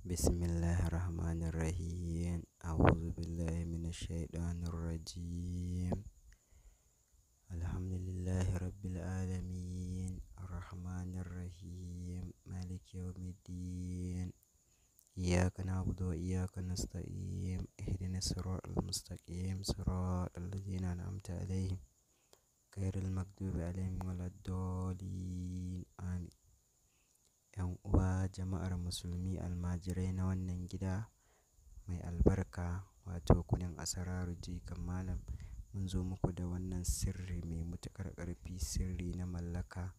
بسم الله الرحمن الرحيم أعوذ بالله من الشيطان الرجيم الحمد لله رب العالمين الرحمن الرحيم مالك يوم الدين إياك نعبد وإياك نستقيم اهدنا الصراط المستقيم صراط الذين أنعمت عليهم غير المكذوب عليهم ولا الضالين آمين jama'ar musulmi almajirai na wannan gida mai albarka wato kunin Asararu Jikan Malam. Mun zo muku da wannan sirri mai matuƙar ƙarfi, sirri na mallaka,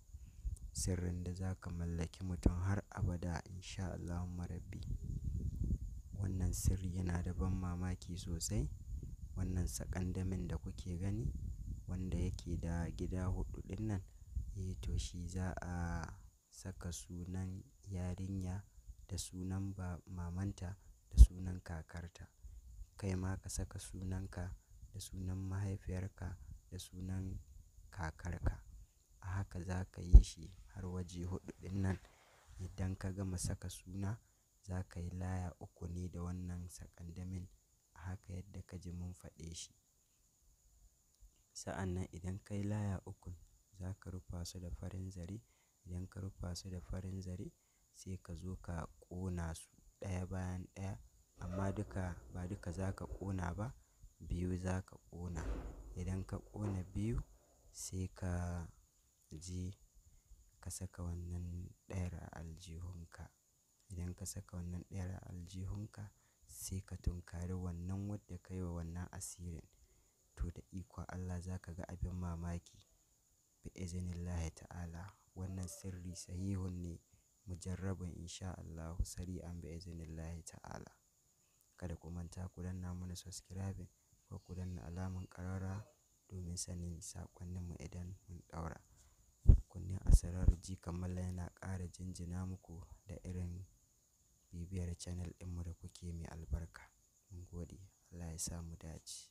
sirrin da za ka mallaki mutum har abada insha Allah Allahumma rabbi. Wannan sirri yana da ban mamaki sosai. Wannan sakandamin da kuke gani wanda yake da gida huɗu ɗinnan nan, eh to shi za a saka sunan yarinya da sunan ba mamanta da sunan kakarta. Kai ma ka saka sunanka da sunan mahaifiyarka da sunan kakarka. A haka za ka yi shi har waje huɗu nan. Idan ka gama saka suna za ka yi laya uku ne da wannan sakandamin A haka yadda ka ji mun faɗe shi. Sa'an nan idan ka yi laya ukun za ka rufa su da farin zare. Idan ka rufa su da farin zare sai ka zo ka ƙona su ɗaya bayan ɗaya amma duka ba duka za ka ƙona ba, biyu za ka ƙona. Idan ka ƙona biyu sai ka je ka saka wannan ɗayar a aljihunka. Idan ka saka wannan ɗayar a aljihunka sai ka tunkari wannan wadda ka yi wa wannan asirin. To da ikon Allah za ka ga abin mamaki. bi'iznillahi ta'ala wannan sirri sahihun ne mujarrabin insha Allahu sari'an bi'iznillahi ta'ala kada ku manta ku danna mana subscribe ko ku danna alaman karara domin sanin mu idan mun ɗaura kunnen asarar ji kamar yana ƙara jinjina muku da irin bibiyar channel mu da kuke mai albarka mun gode Allah ya sa mu dace